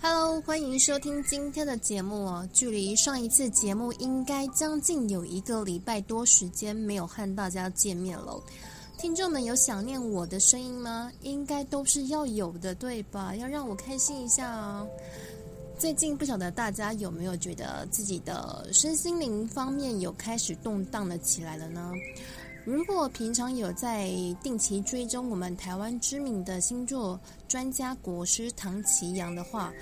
哈嘍，Hello, 歡迎收聽今天的節目哦。距離上一次節目應該將近有一個禮拜多時間沒有和大家見面了，聽眾們有想念我的聲音嗎？應該都是要有的，對吧？要讓我開心一下哦。最近不曉得大家有沒有覺得自己的身心靈方面有開始動盪了起來了呢？如果平常有在定期追蹤我們台灣知名的星座專家國師唐綺陽的話，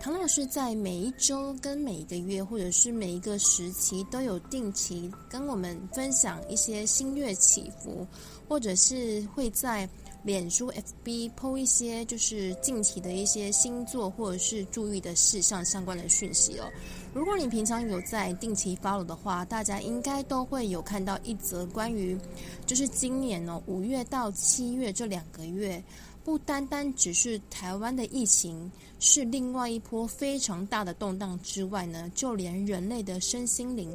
唐老師在每一周、跟每一個月，或者是每一個時期，都有定期跟我們分享一些星月起伏，或者是會在。臉書 FB PO 一些就是近期的一些星座或者是注意的事項相關的訊息哦。如果你平常有在定期 follow 的話，大家應該都會有看到一則關於，就是今年哦五月到七月這兩個月。不單單只是台灣的疫情，是另外一波非常大的動盪之外呢，就連人類的身心靈，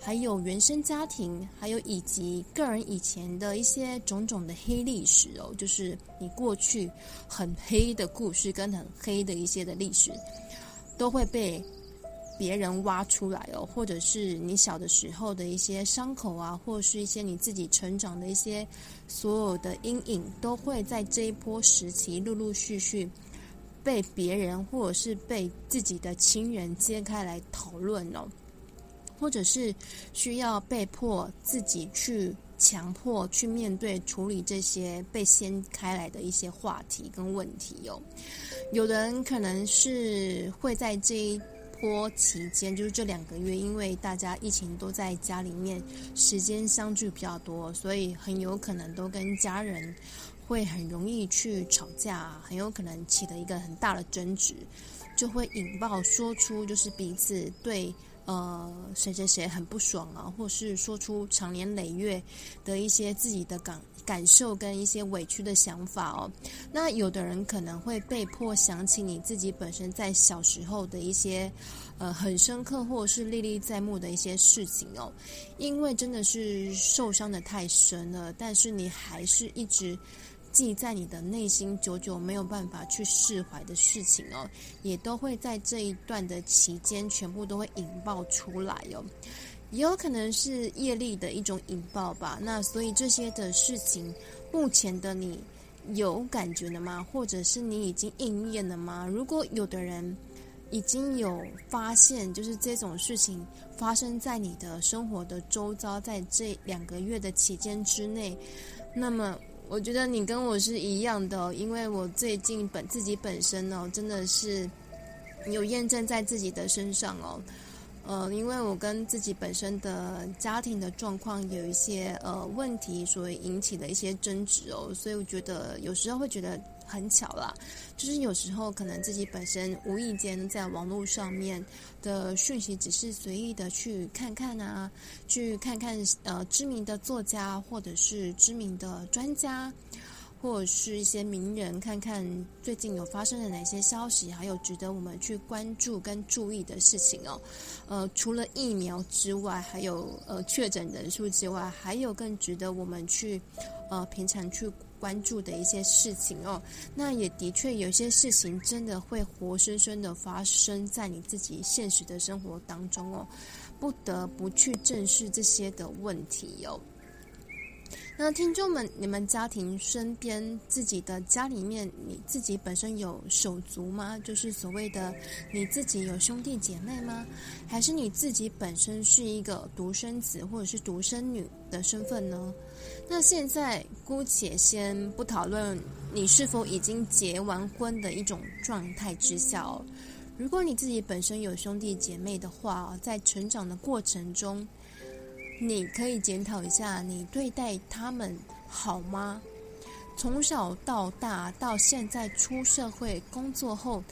還有原生家庭，還有以及個人以前的一些種種的黑歷史哦，就是你過去很黑的故事跟很黑的一些的歷史，都會被。別人挖出來哦，或者是你小的時候的一些傷口啊，或者是一些你自己成長的一些所有的陰影，都會在這一波時期陸陸續續被別人或者是被自己的親人揭開來討論哦，或者是需要被迫自己去強迫去面對處理這些被掀開來的一些話題跟問題哦。有的人可能是會在這一。播期間就是這兩個月，因為大家疫情都在家裡面，時間相聚比較多，所以很有可能都跟家人會很容易去吵架，很有可能起了一個很大的爭執，就會引爆說出，就是彼此對呃誰誰誰很不爽啊，或是說出長年累月的一些自己的感。感受跟一些委屈的想法哦，那有的人可能會被迫想起你自己本身在小時候的一些，呃，很深刻或是歷歷在目的一些事情哦，因為真的是受傷得太深了，但是你還是一直記在你的內心，久久沒有辦法去釋懷的事情哦，也都會在這一段的期間全部都會引爆出來哦。也有可能是業力的一種引爆吧。那所以這些的事情，目前的你有感覺了嗎？或者是你已經應驗了嗎？如果有的人已經有發現，就是這種事情發生在你的生活的周遭，在這兩個月的期間之內，那麼我覺得你跟我是一樣的哦，因為我最近本自己本身哦，真的是有驗證在自己的身上哦。呃，因為我跟自己本身的家庭的狀況有一些呃問題，所以引起的一些爭執哦，所以我覺得有時候會覺得很巧啦，就是有時候可能自己本身無意間在網絡上面的訊息，只是隨意的去看看啊，去看看呃知名的作家或者是知名的專家。或者是一些名人，看看最近有發生的哪些消息，還有值得我們去關注跟注意的事情哦。呃，除了疫苗之外，還有呃確診人數之外，還有更值得我們去呃平常去關注的一些事情哦。那也的確有些事情真的會活生生的發生在你自己現實的生活當中哦，不得不去正視這些的問題喲、哦。那聽眾們，你們家庭身邊、自己的家裡面，你自己本身有手足嗎？就是所謂的，你自己有兄弟姐妹嗎？還是你自己本身是一個獨生子或者是獨生女的身份呢？那現在姑且先不討論你是否已經結完婚的一種狀態之下哦，如果你自己本身有兄弟姐妹的話，在成長的過程中。你可以檢討一下，你對待他們好嗎？從小到大，到現在出社會工作後，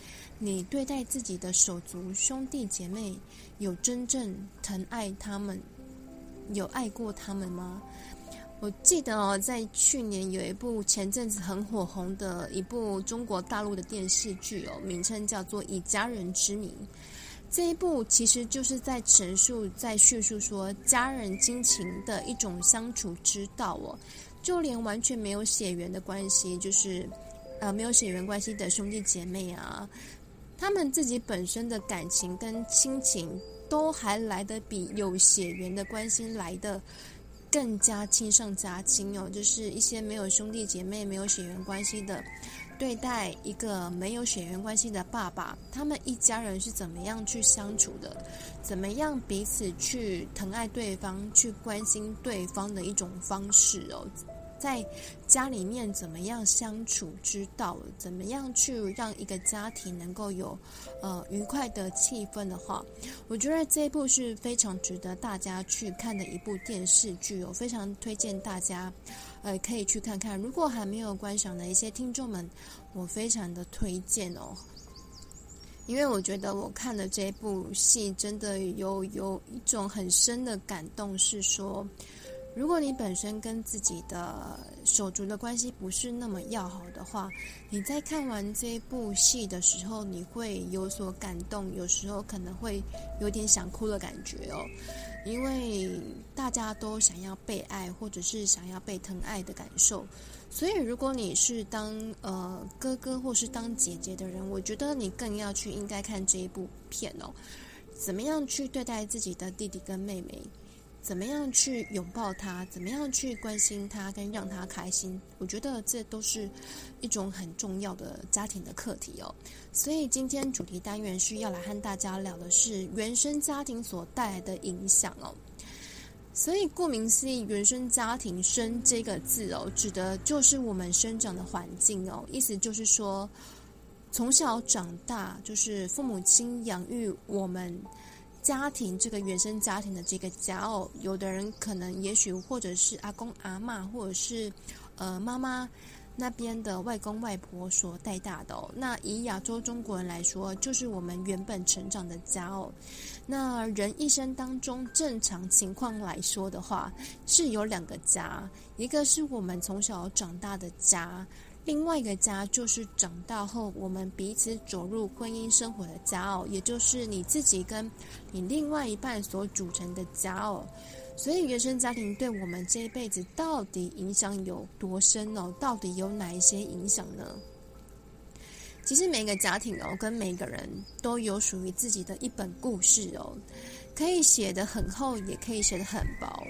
你對待自己的手足兄弟姐妹，有真正疼愛他們，有愛過他們嗎？我記得哦，在去年有一部前陣子很火紅的一部中國大陸的電視劇哦，名稱叫做《以家人之名》。這一步其實就是在陳述，在敘述說家人親情的一種相處之道哦。就連完全沒有血緣的關係，就是呃沒有血緣關係的兄弟姐妹啊，他們自己本身的感情跟親情，都還來得比有血緣的關係來得更加親上加親哦。就是一些沒有兄弟姐妹、沒有血緣關係的。對待一個沒有血緣關係的爸爸，他們一家人是怎麼樣去相處的？怎麼樣彼此去疼愛對方、去關心對方的一種方式哦？在家裡面怎麼樣相處？知道怎麼樣去讓一個家庭能夠有呃愉快的氣氛的話，我覺得這一部是非常值得大家去看的一部電視劇，哦，我非常推薦大家。呃，可以去看看。如果還沒有觀賞的一些聽眾們，我非常的推薦哦。因為我覺得我看的這部戲，真的有有一種很深的感動，是說，如果你本身跟自己的手足的關係不是那麼要好的話，你在看完這部戲的時候，你會有所感動，有時候可能會有點想哭的感覺哦。因為大家都想要被愛，或者是想要被疼愛的感受，所以如果你是當，呃，哥哥或是當姐姐的人，我覺得你更要去應該看這一部片哦，怎麼樣去對待自己的弟弟跟妹妹。怎麼樣去擁抱他？怎麼樣去關心他？跟讓他開心？我覺得這都是一種很重要的家庭的課題哦。所以今天主題單元需要來和大家聊的是原生家庭所帶來的影響哦。所以顧名思義，“原生家庭”生這個字哦，指的就是我們生長的環境哦。意思就是說，從小長大就是父母親養育我們。家庭這個原生家庭的這個家哦，有的人可能，也許或者是阿公阿嬤，或者是，呃媽媽那邊的外公外婆所帶大的哦。那以亞洲中國人來說，就是我們原本成長的家哦。那人一生當中正常情況來說的話，是有兩個家，一個是我們從小長大的家。另外一個家就是長大後我們彼此走入婚姻生活的家哦，也就是你自己跟你另外一半所組成的家哦。所以原生家庭對我們這一輩子到底影響有多深哦？到底有哪一些影響呢？其實每個家庭哦跟每個人都有屬於自己的一本故事哦，可以寫得很厚，也可以寫得很薄。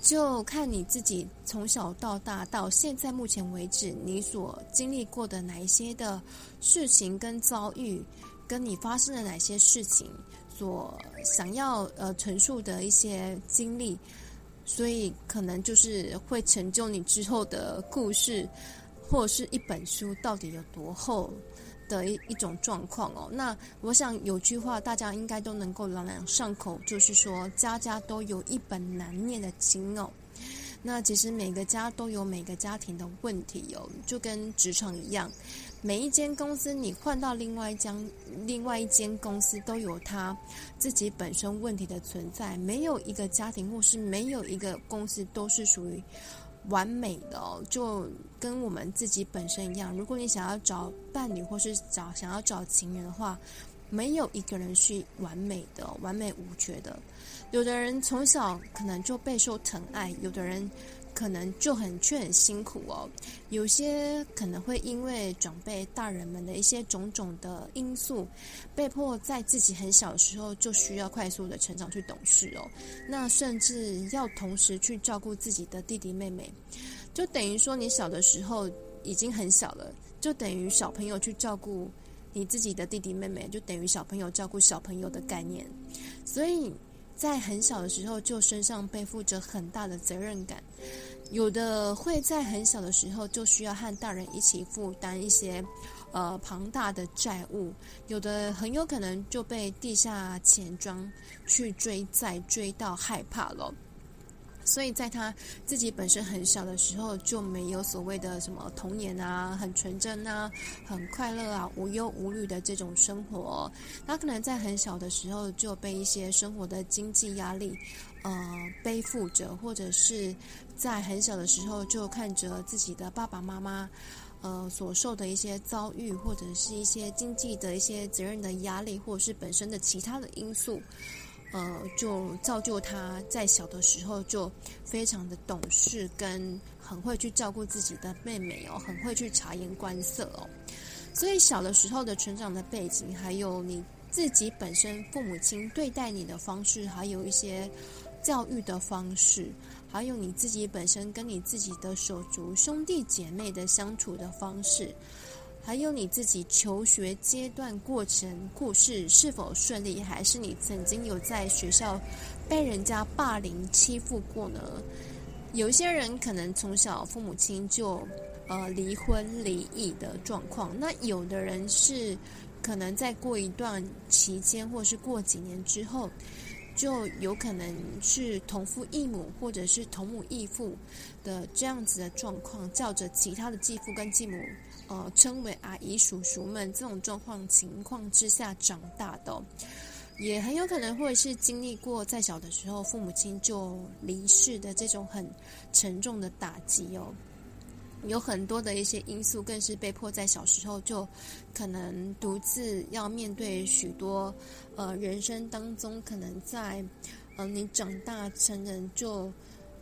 就看你自己從小到大到現在目前為止，你所經歷過的哪一些的事情跟遭遇，跟你發生的哪些事情所想要呃陳述的一些經歷，所以可能就是會成就你之後的故事，或者是一本書到底有多厚。的一一種狀況哦，那我想有句話大家應該都能夠朗朗上口，就是說家家都有一本難念的經哦。那其實每個家都有每個家庭的問題哦，就跟職場一樣，每一間公司你換到另外一間，另外一間公司都有它自己本身問題的存在，沒有一個家庭或是沒有一個公司都是屬於。完美的哦，就跟我們自己本身一樣。如果你想要找伴侶或是找想要找情人的話，沒有一個人是完美的、完美無缺的。有的人從小可能就備受疼愛，有的人。可能就很，卻很辛苦哦，有些可能會因為長輩大人們的一些種種的因素，被迫在自己很小的時候就需要快速的成長去懂事哦。那甚至要同時去照顧自己的弟弟妹妹，就等於說你小的時候已經很小了，就等於小朋友去照顧你自己的弟弟妹妹，就等於小朋友照顧小朋友的概念。所以在很小的時候就身上背負着很大的責任感。有的會在很小的時候就需要和大人一起負擔一些，呃龐大的債務；有的很有可能就被地下錢莊去追債，追到害怕了。所以在他自己本身很小的時候，就沒有所謂的什麼童年啊、很純真啊、很快樂啊、無憂無慮的這種生活。他可能在很小的時候就被一些生活的經濟壓力，呃背負着，或者是。在很小的時候就看着自己的爸爸媽媽，呃，所受的一些遭遇，或者是一些經濟的一些責任的壓力，或者是本身的其他的因素，呃，就造就他在小的時候就非常的懂事，跟很會去照顧自己的妹妹哦，很會去察言觀色哦。所以小的時候的成長的背景，還有你自己本身父母親對待你的方式，還有一些教育的方式。還有你自己本身跟你自己的手足兄弟姐妹的相處的方式，還有你自己求學階段過程故事是否順利，還是你曾經有在學校被人家霸凌欺負過呢？有一些人可能從小父母親就呃離婚離異的狀況，那有的人是可能在過一段期間，或是過幾年之後。就有可能是同父異母或者是同母異父的這樣子的狀況，叫着其他的繼父跟繼母，呃，稱為阿姨、叔叔們。這種狀況情況之下長大的哦，也很有可能會是經歷過在小的時候父母親就離世的這種很沉重的打擊哦。有很多的一些因素，更是被迫在小時候就可能獨自要面對許多呃人生當中可能在呃你長大成人就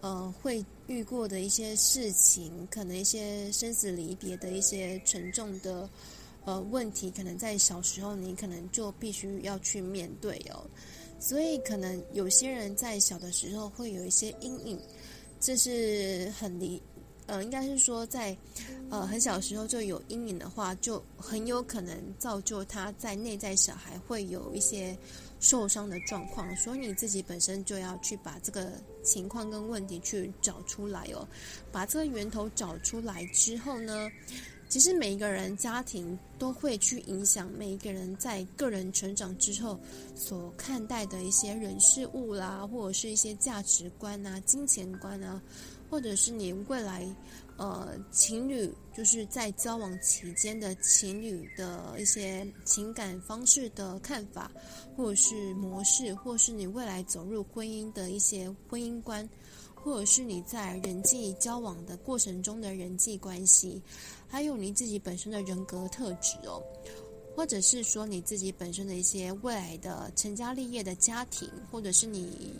呃會遇過的一些事情，可能一些生死離別的一些沉重的呃問題，可能在小時候你可能就必須要去面對哦，所以可能有些人在小的時候會有一些陰影，這是很理。嗯、呃，應該是說在，呃，很小時候就有陰影的話，就很有可能造就他在內在小孩會有一些受傷的狀況，所以你自己本身就要去把這個情況跟問題去找出來哦。把這個源頭找出來之後呢，其實每一個人家庭都會去影響每一個人在個人成長之後所看待的一些人事物啦，或者是一些價值觀啊、金錢觀啊。或者是你未來，呃，情侶就是在交往期間的情侶的一些情感方式的看法，或者是模式，或是你未來走入婚姻的一些婚姻觀，或者是你在人際交往的過程中的人際關係，還有你自己本身的人格特質哦，或者是說你自己本身的一些未來的成家立業的家庭，或者是你。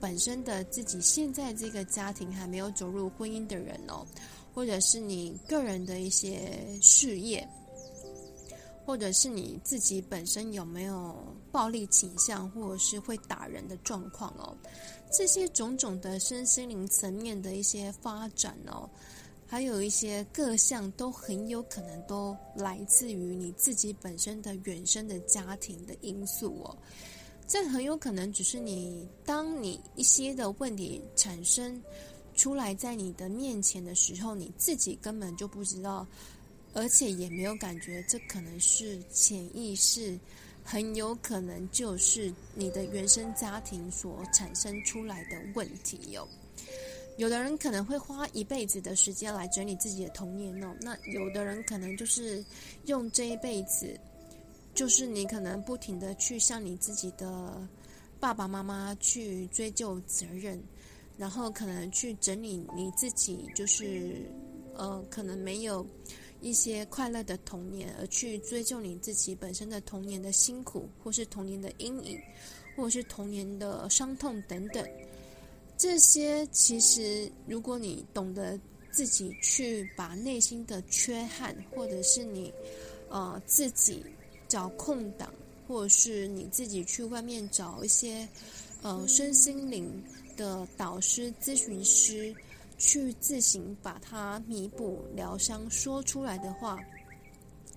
本身的自己，現在這個家庭還沒有走入婚姻的人哦，或者是你個人的一些事業，或者是你自己本身有沒有暴力傾向，或者是會打人的狀況哦，這些種種的身心靈層面的一些發展哦，還有一些各項都很有可能都來自於你自己本身的原生的家庭的因素哦。這很有可能只是你，當你一些的問題產生出來在你的面前的時候，你自己根本就不知道，而且也沒有感覺。這可能是潛意識，很有可能就是你的原生家庭所產生出來的問題喲、哦。有的人可能會花一輩子的時間來整理自己的童年哦，那有的人可能就是用這一輩子。就是你可能不停的去向你自己的爸爸媽媽去追究責任，然後可能去整理你自己，就是呃，可能沒有一些快樂的童年，而去追究你自己本身的童年的辛苦，或是童年的陰影，或是童年的傷痛等等。這些其實，如果你懂得自己去把內心的缺憾，或者是你呃自己。找空檔，或者是你自己去外面找一些，呃，身心靈的導師、諮詢師，去自行把它彌補、療傷、說出來的話。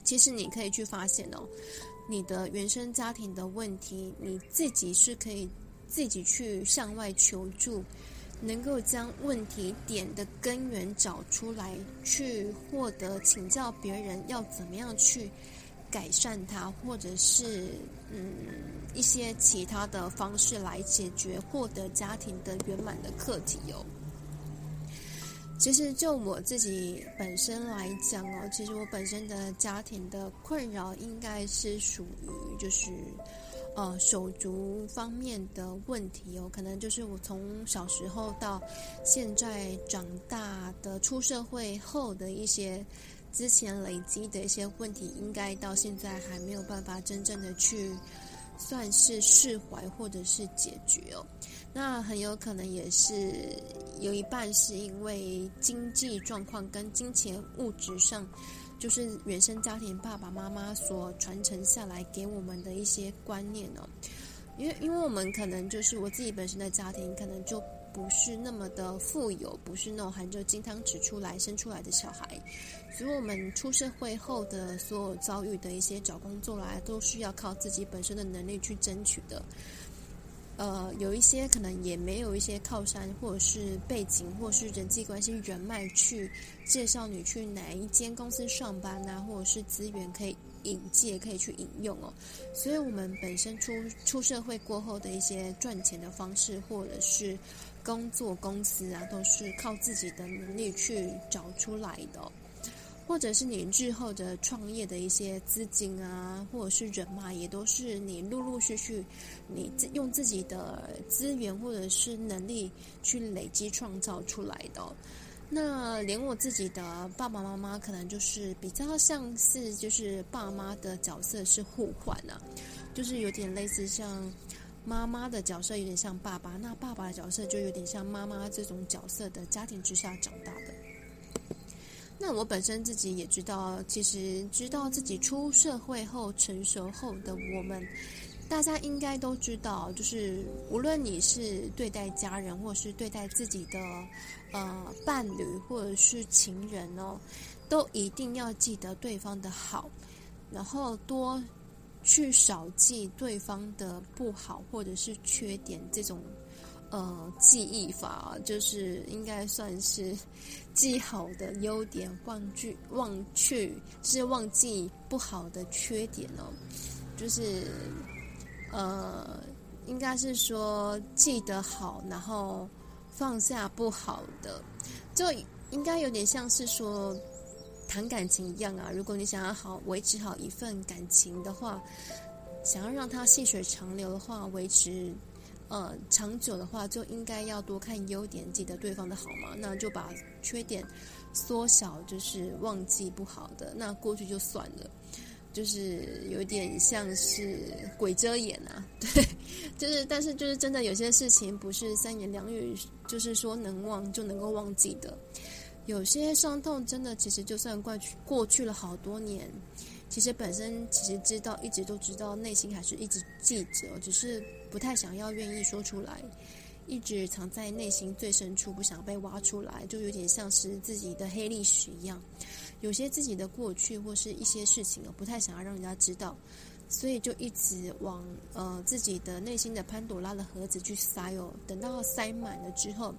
其實你可以去發現哦，你的原生家庭的問題，你自己是可以自己去向外求助，能夠將問題點的根源找出來，去獲得請教別人要怎麼樣去。改善它，或者是嗯一些其他的方式來解決，獲得家庭的圓滿的課題哦。其實就我自己本身來講哦，其實我本身的家庭的困擾應該是屬於就是呃手足方面的問題哦，可能就是我從小時候到現在長大的出社會後的一些。之前累積的一些問題，應該到現在還沒有辦法真正的去算是釋懷或者是解決哦。那很有可能也是有一半是因為經濟狀況跟金錢物質上，就是原生家庭爸爸媽媽所傳承下來給我們的一些觀念哦。因為因為我們可能就是我自己本身的家庭，可能就。不是那麼的富有，不是那種含着金湯匙出來生出來的小孩，所以我們出社會後的所有遭遇的一些找工作來啊，都是要靠自己本身的能力去爭取的。呃，有一些可能也沒有一些靠山，或者是背景，或者是人際關係人脈去介紹你去哪一間公司上班啊，或者是資源可以引介，可以去引用哦。所以，我們本身出出社會過後的一些賺錢的方式，或者是工作公司啊，都是靠自己的能力去找出來的，或者是你日後的創業的一些資金啊，或者是人脈啊，也都是你陸陸續續，你用自己的資源或者是能力去累積創造出來的。那連我自己的爸爸媽媽，可能就是比較像是就是爸媽的角色是互換啊，就是有點類似像。媽媽的角色有點像爸爸，那爸爸的角色就有點像媽媽，這種角色的家庭之下長大的。那我本身自己也知道，其實知道自己出社會後成熟後的我們，大家應該都知道，就是無論你是對待家人，或是對待自己的呃伴侶，或者是情人哦，都一定要記得對方的好，然後多。去少記對方的不好，或者是缺點，這種呃記憶法啊，就是應該算是記好的優點，忘記忘去，是忘記不好的缺點哦。就是呃，應該是說記得好，然後放下不好的，就應該有點像是說。談感情一樣啊，如果你想要好維持好一份感情的話，想要讓它細水長流的話，維持呃長久的話，就應該要多看優點，記得對方的好嘛。那就把缺點縮小，就是忘記不好的，那過去就算了。就是有點像是鬼遮眼啊，對，就是但是就是真的有些事情不是三言兩語就是說能忘就能夠忘記的。有些傷痛真的，其實就算過去過去了好多年，其實本身其實知道，一直都知道，內心還是一直記着，只是不太想要願意說出來，一直藏在內心最深處，不想被挖出來，就有點像是自己的黑歷史一樣。有些自己的過去或是一些事情，不太想要讓人家知道，所以就一直往呃自己的內心的潘朵拉的盒子去塞哦，等到塞滿了之後。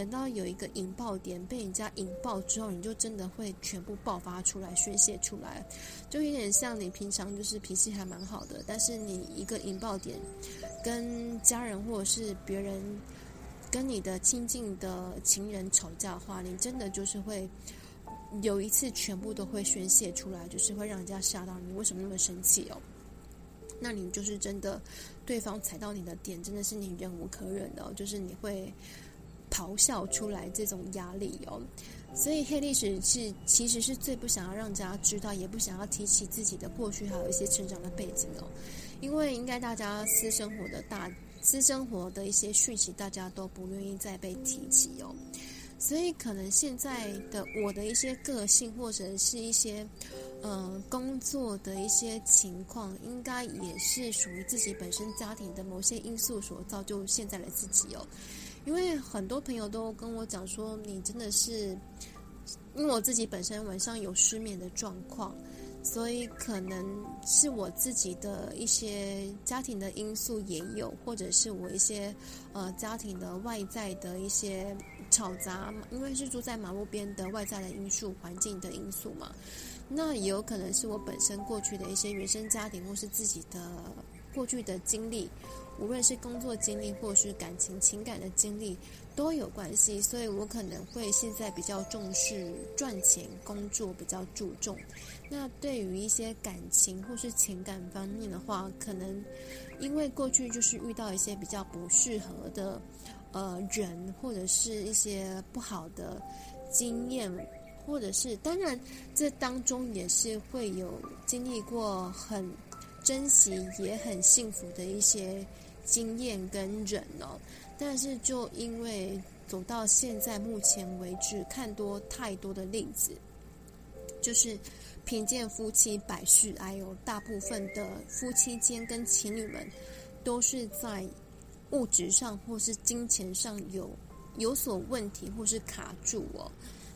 等到有一個引爆點被人家引爆之後，你就真的會全部爆發出來、宣洩出來，就有點像你平常就是脾氣還蠻好的，但是你一個引爆點，跟家人或者是別人、跟你的親近的情人吵架的話，你真的就是會有一次全部都會宣洩出來，就是會讓人家嚇到你，為什麼那麼生氣哦？那你就是真的，對方踩到你的點，真的是你忍無可忍的哦，就是你會。咆哮出來這種壓力哦，所以黑歷史是其實是最不想要讓大家知道，也不想要提起自己的過去，還有一些成長的背景哦。因為應該大家私生活的大私生活的一些訊息，大家都不願意再被提起哦。所以可能現在的我的一些個性，或者是一些呃工作的一些情況，應該也是屬於自己本身家庭的某些因素所造就現在的自己哦。因為很多朋友都跟我講說，你真的是，因為我自己本身晚上有失眠的狀況，所以可能是我自己的一些家庭的因素也有，或者是我一些呃家庭的外在的一些吵雜，因為是住在馬路邊的外在的因素、環境的因素嘛，那也有可能是我本身過去的一些原生家庭或是自己的過去的經歷。無論是工作經歷，或是感情情感的經歷，都有關係。所以我可能會現在比較重視賺錢、工作比較注重。那對於一些感情或是情感方面的話，可能因為過去就是遇到一些比較不適合的呃人，或者是一些不好的經驗，或者是當然這當中也是會有經歷過很珍惜也很幸福的一些。經驗跟人哦，但是就因為走到現在目前為止，看多太多的例子，就是貧賤夫妻百事哀。有大部分的夫妻間跟情侶們，都是在物質上或是金錢上有有所問題或是卡住哦。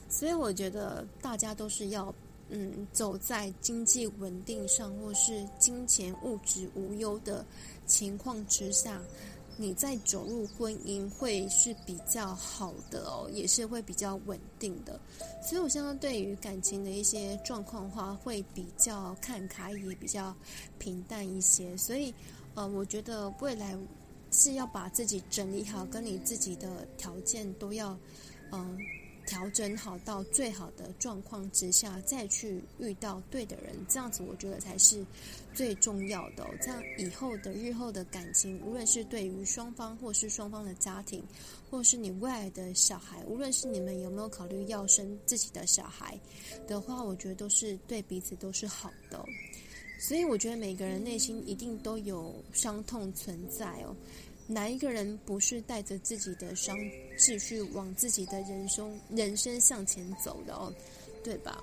所以我覺得大家都是要嗯，走在經濟穩定上或是金錢物質無憂的。情況之下，你在走入婚姻會是比較好的哦，也是會比較穩定的。所以，我現在對於感情的一些狀況話，會比較看開，也比較平淡一些。所以，呃，我覺得未來是要把自己整理好，跟你自己的條件都要，嗯、呃。調整好到最好的狀況之下，再去遇到對的人，這樣子我覺得才是最重要的哦。這樣以後的日後的感情，無論是對於雙方，或是雙方的家庭，或是你未來的小孩，無論是你們有沒有考慮要生自己的小孩的話，我覺得都是對彼此都是好的哦。所以我覺得每個人內心一定都有傷痛存在哦。哪一個人不是帶着自己的傷，繼續往自己的人生人生向前走的哦，對吧？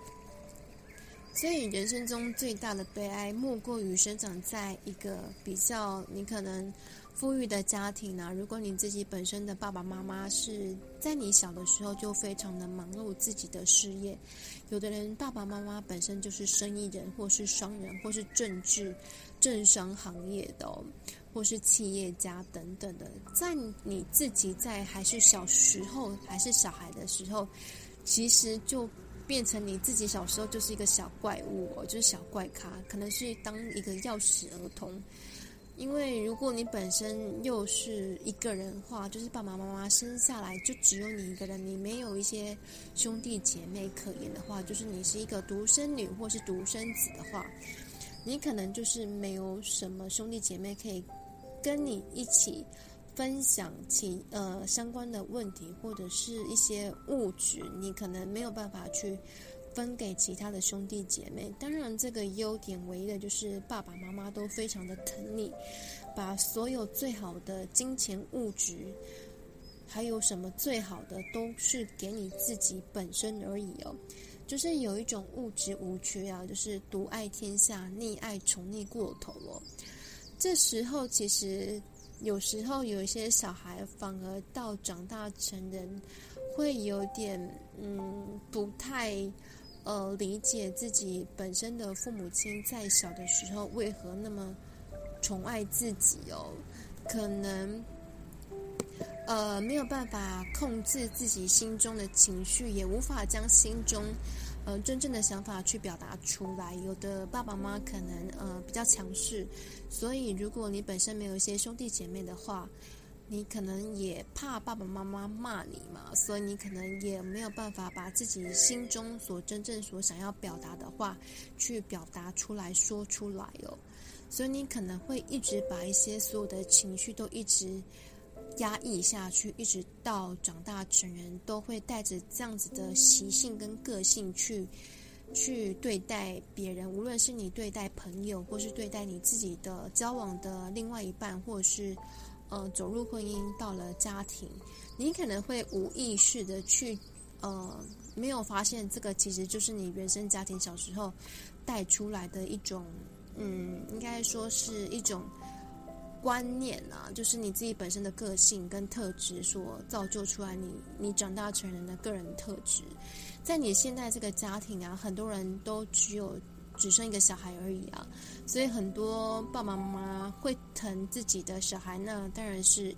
所以人生中最大的悲哀，莫過於生長在一個比較你可能富裕的家庭呢、啊。如果你自己本身的爸爸媽媽是在你小的時候就非常的忙碌自己的事業，有的人爸爸媽媽本身就是生意人，或是商人，或是政治政商行業的、哦。或是企業家等等的，在你自己在還是小時候還是小孩的時候，其實就變成你自己小時候就是一個小怪物哦，就是小怪咖，可能是當一個鑰匙兒童。因為如果你本身又是一個人的話，就是爸爸媽、媽媽生下來就只有你一個人，你沒有一些兄弟姐妹可言的話，就是你是一個獨生女或是獨生子的話，你可能就是沒有什麼兄弟姐妹可以。跟你一起分享其呃相關的問題，或者是一些物質，你可能沒有辦法去分給其他的兄弟姐妹。當然，這個優點唯一的就是爸爸媽媽都非常的疼你，把所有最好的金錢物質，還有什麼最好的都是給你自己本身而已哦。就是有一種物質無缺啊，就是獨愛天下，溺愛寵溺過頭了哦。這時候，其實有時候有一些小孩，反而到長大成人，會有點嗯，不太呃理解自己本身的父母親在小的時候為何那麼寵愛自己哦，可能呃沒有辦法控制自己心中的情緒，也無法將心中。呃，真正的想法去表達出來，有的爸爸媽媽可能呃比較強勢，所以如果你本身沒有一些兄弟姐妹的話，你可能也怕爸爸媽媽罵你嘛，所以你可能也沒有辦法把自己心中所真正所想要表達的話去表達出來說出來哦，所以你可能會一直把一些所有的情緒都一直。壓抑下去，一直到長大成人都會帶着這樣子的習性跟個性去，去對待別人。無論是你對待朋友，或是對待你自己的交往的另外一半，或是，呃，走入婚姻到了家庭，你可能會無意識的去，呃，沒有發現這個其實就是你原生家庭小時候帶出來的一種，嗯，應該說是一種。觀念啊，就是你自己本身的個性跟特質所造就出來你，你你長大成人的個人特質，在你現在這個家庭啊，很多人都只有只生一個小孩而已啊，所以很多爸爸媽媽會疼自己的小孩呢，當然是。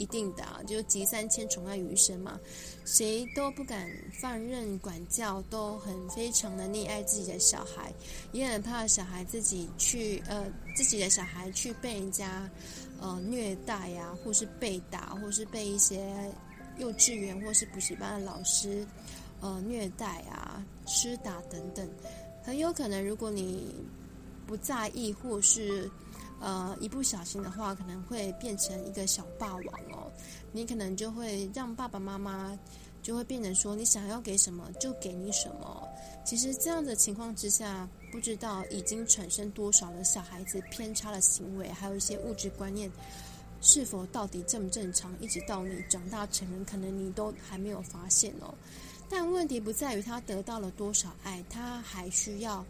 一定的啊，就集三千寵愛於一身嘛，誰都不敢放任管教，都很非常的溺愛自己的小孩，也很怕小孩自己去呃，自己的小孩去被人家呃虐待呀、啊，或是被打，或是被一些幼稚園或是補習班的老師呃虐待啊、施打等等。很有可能如果你不在意或是。呃，一不小心的話，可能會變成一個小霸王哦。你可能就會讓爸爸媽媽，就會變成說，你想要給什麼就給你什麼。其實這樣的情況之下，不知道已經產生多少的小孩子偏差的行為，還有一些物質觀念，是否到底正不正常，一直到你長大成人，可能你都還沒有發現哦。但問題不在於他得到了多少愛，他還需要。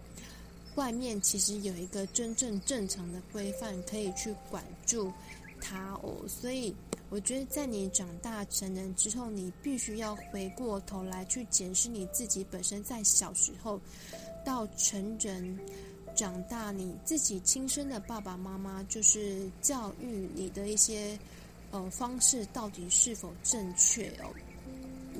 外面其實有一個真正正常的規範可以去管住他哦，所以我覺得在你長大成人之後，你必須要回過頭來去檢視你自己本身在小時候到成人長大，你自己親生的爸爸媽媽就是教育你的一些呃方式到底是否正確哦，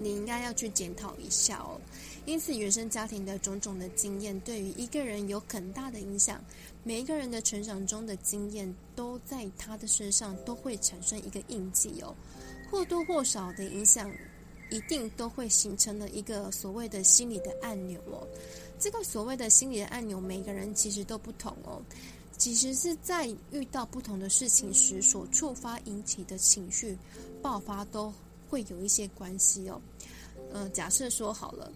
你應該要去檢討一下哦。因此，原生家庭的種種的經驗對於一個人有很大的影響。每一個人的成長中的經驗，都在他的身上都會產生一個印記哦，或多或少的影響，一定都會形成了一個所謂的心理的按鈕哦。這個所謂的心理的按鈕，每個人其實都不同哦。其實是在遇到不同的事情時，所觸發引起的情緒爆發，都會有一些關係哦。呃，假設說好了。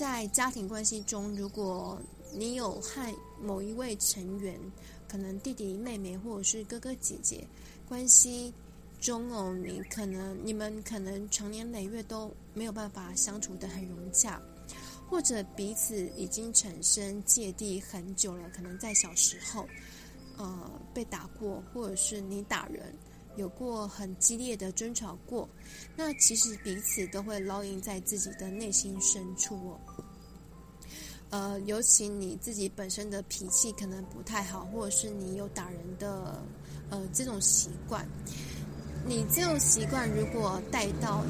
在家庭關係中，如果你有和某一位成員，可能弟弟妹妹或者是哥哥姐姐關係中哦，你可能你們可能長年累月都沒有辦法相處得很融洽，或者彼此已經產生芥蒂很久了，可能在小時候，呃，被打過，或者是你打人。有過很激烈的爭吵過，那其實彼此都會烙印在自己的內心深處哦。呃，尤其你自己本身的脾氣可能不太好，或者是你有打人的呃這種習慣，你這種習慣如果帶到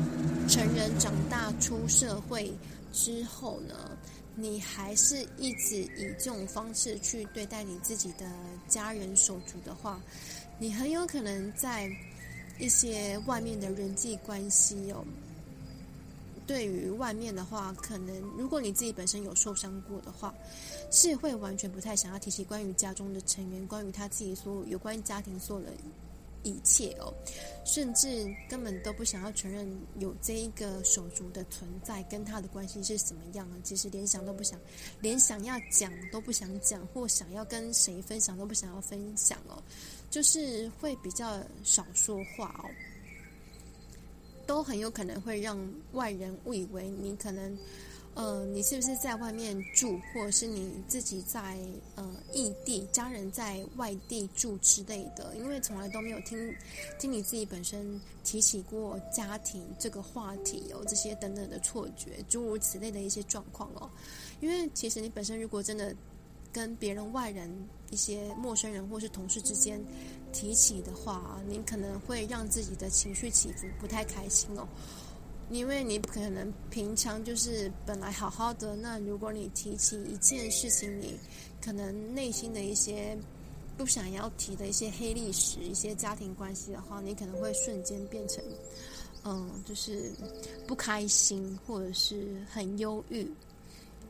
成人長大出社會之後呢，你還是一直以這種方式去對待你自己的家人、手足的話。你很有可能在一些外面的人際關係哦。對於外面的話，可能如果你自己本身有受傷過的話，是會完全不太想要提起關於家中的成員，關於他自己所有關於家庭所有的一切哦，甚至根本都不想要承認有這一個手足的存在，跟他的關係是什麼樣啊？其實連想都不想，連想要講都不想講，或想要跟誰分享都不想要分享哦。就是會比較少說話哦，都很有可能會讓外人誤以為你可能，呃，你是不是在外面住，或是你自己在呃異地，家人在外地住之類的？因為從來都沒有聽聽你自己本身提起過家庭這個話題哦，這些等等的錯覺，諸如此類的一些狀況哦。因為其實你本身如果真的跟別人外人。一些陌生人或是同事之間提起的話啊，你可能會讓自己的情緒起伏不太開心哦。因為你可能平常就是本來好好的，那如果你提起一件事情，你可能內心的一些不想要提的一些黑歷史、一些家庭關係的話，你可能會瞬間變成嗯，就是不開心，或者是很憂鬱。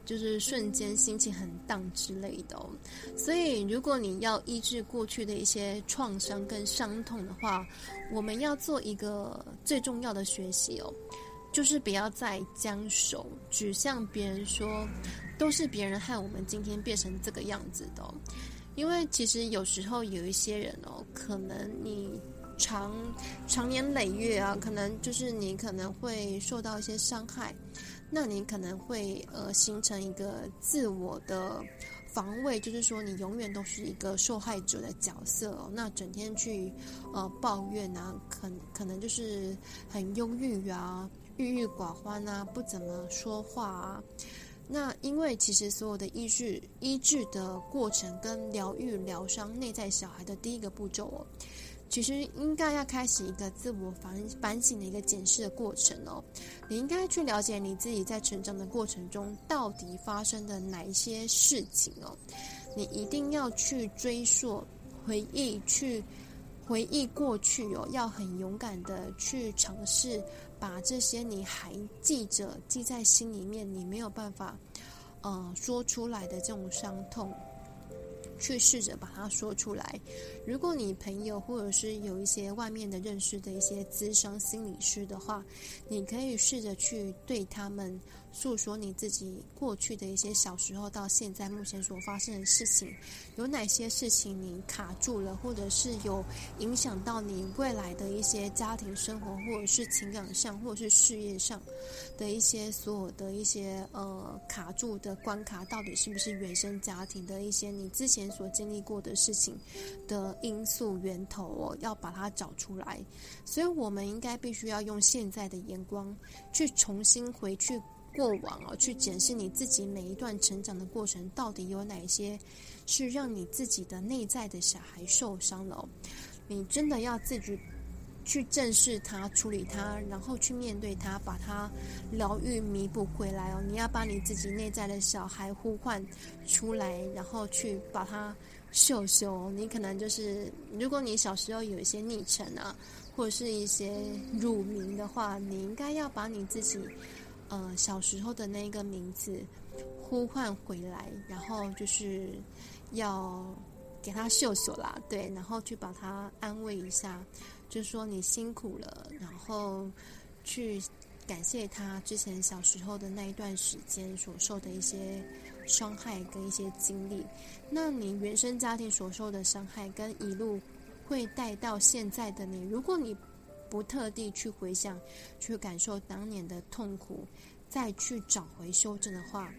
就是瞬間心情很盪之類的哦，所以如果你要醫治過去的一些創傷跟傷痛的話，我們要做一個最重要的學習哦，就是不要再將手指向別人說，都是別人害我們今天變成這個樣子的哦，因為其實有時候有一些人哦，可能你常常，常年累月啊，可能就是你可能會受到一些傷害。那你可能會呃形成一個自我的防衛，就是說你永遠都是一個受害者的角色哦。那整天去呃抱怨啊，可可能就是很憂鬱啊、鬱鬱寡歡啊、不怎麼說話啊。那因為其實所有的醫治醫治的過程跟療癒療傷內在小孩的第一個步驟哦。其實應該要開始一個自我反反省的一個檢視的過程哦，你應該去了解你自己在成長的過程中到底發生的哪一些事情哦，你一定要去追溯、回憶、去回憶過去哦，要很勇敢的去嘗試把這些你還記着、記在心裡面、你沒有辦法，呃，說出來的這種傷痛。去試着把它說出來。如果你朋友或者是有一些外面的認識的一些諮商心理師的話，你可以試着去對他們。訴說你自己過去的一些小時候到現在目前所發生的事情，有哪些事情你卡住了，或者是有影響到你未來的一些家庭生活，或者是情感上，或者是事業上的一些所有的一些呃卡住的關卡，到底是不是原生家庭的一些你之前所經歷過的事情的因素源頭哦？要把它找出來。所以，我們應該必須要用現在的眼光去重新回去。過往哦，去檢視你自己每一段成長的過程，到底有哪些是讓你自己的內在的小孩受傷了哦？你真的要自己去正視它、處理它，然後去面對它，把它療癒、彌補回來哦。你要把你自己內在的小孩呼喚出來，然後去把它秀秀。你可能就是，如果你小時候有一些暱稱啊，或者是一些乳名的話，你應該要把你自己。嗯、呃，小時候的那個名字呼喚回來，然後就是要給他秀秀啦，對，然後去把他安慰一下，就說你辛苦了，然後去感謝他之前小時候的那一段時間所受的一些傷害跟一些經歷。那你原生家庭所受的傷害跟一路會帶到現在的你，如果你。不特地去回想、去感受當年的痛苦，再去找回修正的話，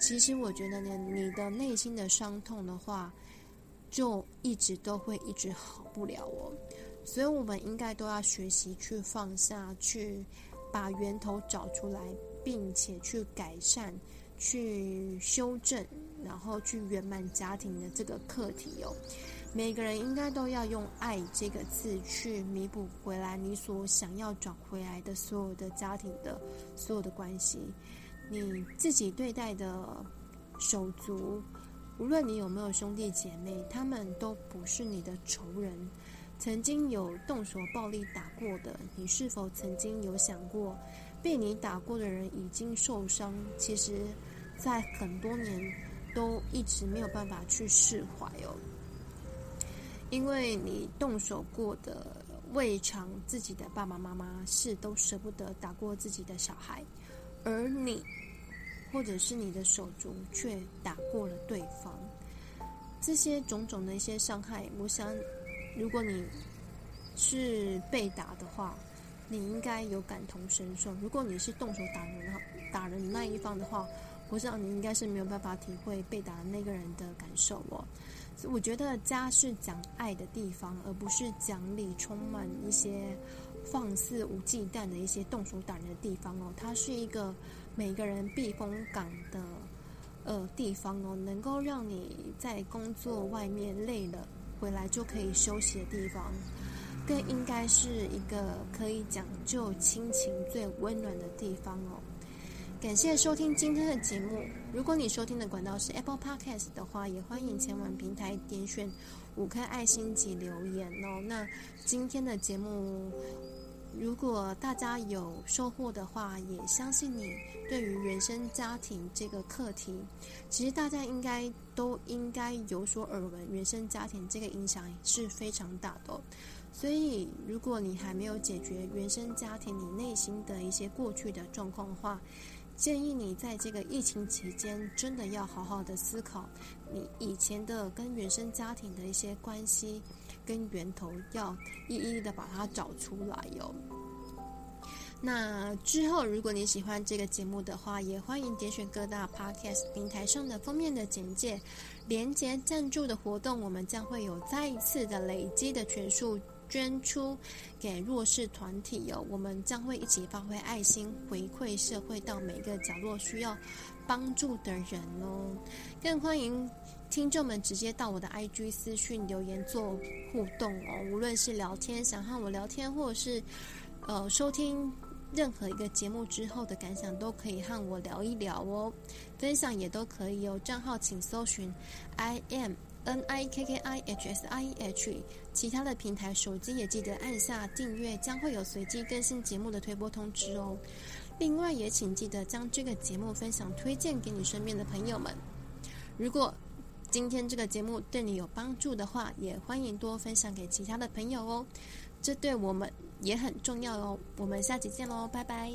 其實我覺得呢，你的內心的傷痛的話，就一直都會一直好不了哦。所以，我們應該都要學習去放下去，把源頭找出來，並且去改善、去修正，然後去圓滿家庭的這個課題哦。每個人應該都要用“愛”這個字去彌補回來，你所想要轉回來的所有的家庭的所有的關係，你自己對待的手足，無論你有沒有兄弟姐妹，他們都不是你的仇人。曾經有動手暴力打過的，你是否曾經有想過，被你打過的人已經受傷？其實，在很多年都一直沒有辦法去釋懷哦。因為你動手過的未嘗自己的爸爸媽媽是都捨不得打過自己的小孩，而你或者是你的手足卻打過了對方，這些種種的一些傷害，我想如果你是被打的話，你應該有感同身受；如果你是動手打人、打人那一方的話，我想你應該是沒有辦法體會被打的那個人的感受哦。我覺得家是講愛的地方，而不是講理、充滿一些放肆無忌憚的一些動手打人的地方哦。它是一個每個人避風港的呃地方哦，能夠讓你在工作外面累了回來就可以休息的地方，更應該是一個可以講究親情最溫暖的地方哦。感謝收聽今天的節目。如果你收聽的管道是 Apple Podcast 的話，也歡迎前往平台點選五顆愛心及留言哦。那今天的節目，如果大家有收穫的話，也相信你對於原生家庭這個課題，其實大家應該都應該有所耳聞。原生家庭這個影響是非常大的哦，所以如果你還沒有解決原生家庭你內心的一些過去的狀況的話，建議你在這個疫情期間，真的要好好的思考你以前的跟原生家庭的一些關係跟源頭，要一一一的把它找出來喲、哦。那之後，如果你喜歡這個節目的話，也歡迎點選各大 Podcast 平台上的封面的簡介、連接贊助的活動，我們將會有再一次的累積的全數。捐出給弱勢團體哦，我們將會一起發揮愛心，回饋社會到每個角落需要幫助的人哦。更歡迎聽眾們直接到我的 IG 私訊留言做互動哦，無論是聊天想和我聊天，或者是呃收聽任何一個節目之後的感想，都可以和我聊一聊哦，分享也都可以哦。賬號請搜尋 i m n i k k i h s i e h。其他的平台手機也記得按下訂閱，將會有隨機更新節目的推播通知哦。另外也請記得將這個節目分享推薦給你身邊的朋友們。如果今天這個節目對你有幫助的話，也歡迎多分享給其他的朋友哦。這對我們也很重要哦。我們下期見嘍，拜拜。